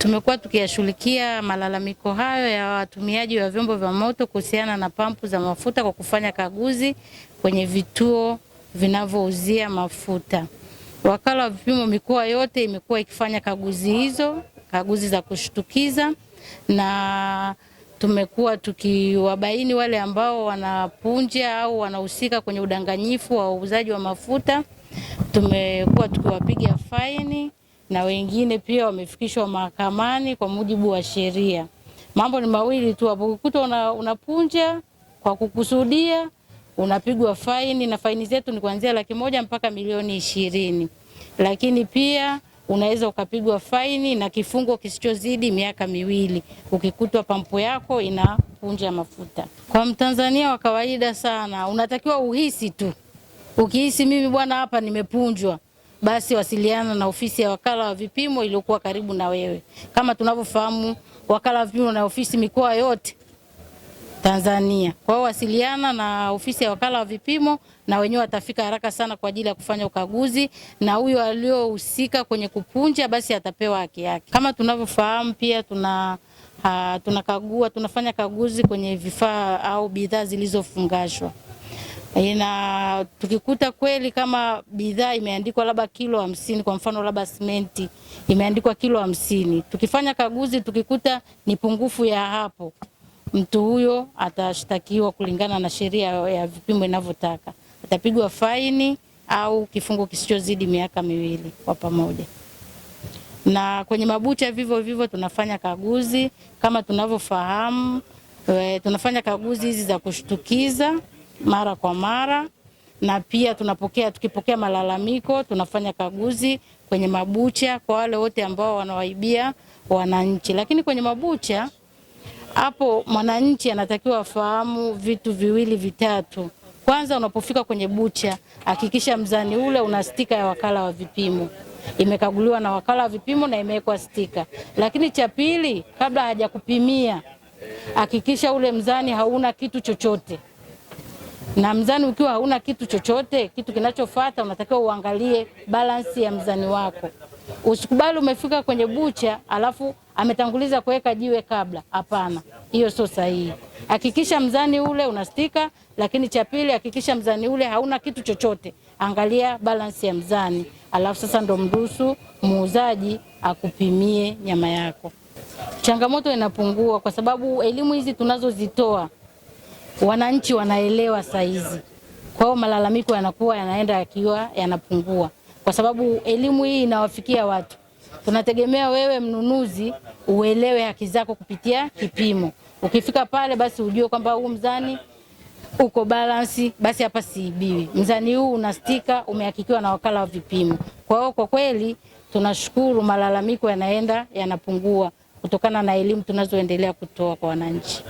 Tumekuwa tukiyashughulikia malalamiko hayo ya watumiaji wa vyombo vya moto kuhusiana na pampu za mafuta kwa kufanya kaguzi kwenye vituo vinavyouzia mafuta. Wakala wa vipimo mikoa yote imekuwa ikifanya kaguzi hizo, kaguzi za kushtukiza, na tumekuwa tukiwabaini wale ambao wanapunja au wanahusika kwenye udanganyifu wa uuzaji wa mafuta. Tumekuwa tukiwapiga faini na wengine pia wamefikishwa mahakamani kwa mujibu wa sheria. Mambo ni mawili tu hapo, ukikuta una, unapunja kwa kukusudia unapigwa faini, na faini zetu ni kuanzia laki moja mpaka milioni ishirini, lakini pia unaweza ukapigwa faini na kifungo kisichozidi miaka miwili ukikutwa pampu yako inapunja mafuta. Kwa mtanzania wa kawaida sana, unatakiwa uhisi tu, ukihisi mimi bwana hapa nimepunjwa basi wasiliana na ofisi ya wakala wa vipimo iliyokuwa karibu na wewe. Kama tunavyofahamu, wakala wa vipimo na ofisi mikoa yote Tanzania. Kwa hiyo wasiliana na ofisi ya wakala wa vipimo na wenyewe watafika haraka sana kwa ajili ya kufanya ukaguzi, na huyo aliyohusika kwenye kupunja basi atapewa haki yake. Kama tunavyofahamu pia tuna ah, tunakagua tunafanya kaguzi kwenye vifaa au bidhaa zilizofungashwa na tukikuta kweli kama bidhaa imeandikwa labda kilo hamsini, kwa mfano labda simenti imeandikwa kilo hamsini, tukifanya kaguzi tukikuta ni pungufu ya hapo, mtu huyo atashtakiwa kulingana na sheria ya vipimo inavyotaka, atapigwa faini au kifungo kisichozidi miaka miwili kwa pamoja. Na kwenye mabucha vivyo vivyo tunafanya kaguzi kama tunavyofahamu, eh, tunafanya kaguzi hizi za kushtukiza mara kwa mara, na pia tunapokea tukipokea malalamiko tunafanya kaguzi kwenye mabucha kwa wale wote ambao wanawaibia wananchi. Lakini kwenye mabucha hapo, mwananchi anatakiwa afahamu vitu viwili vitatu. Kwanza, unapofika kwenye bucha hakikisha mzani ule una stika ya wakala wa vipimo, imekaguliwa na wakala wa vipimo na imewekwa stika. Lakini cha pili, kabla hajakupimia hakikisha ule mzani hauna kitu chochote na mzani ukiwa hauna kitu chochote, kitu kinachofuata unatakiwa uangalie balansi ya mzani wako. Usikubali umefika kwenye bucha alafu ametanguliza kuweka jiwe kabla. Hapana, hiyo sio sahihi. Hakikisha mzani ule unastika, lakini cha pili, hakikisha mzani ule hauna kitu chochote. Angalia balansi ya mzani, alafu sasa ndo mruhusu muuzaji akupimie nyama yako. Changamoto inapungua kwa sababu elimu hizi tunazozitoa wananchi wanaelewa hizi, kwa hiyo malalamiko yanakuwa yanaenda yakiwa yanapungua, kwa sababu elimu hii inawafikia watu. Tunategemea wewe mnunuzi uelewe haki zako kupitia kipimo. Ukifika pale, basi ujue kwamba huu mzani uko balansi, basi hapa siibiwi. Mzani huu una stika, umehakikiwa na wakala wa vipimo. Kwa hiyo kwa kweli tunashukuru, malalamiko yanaenda yanapungua kutokana na elimu tunazoendelea kutoa kwa wananchi.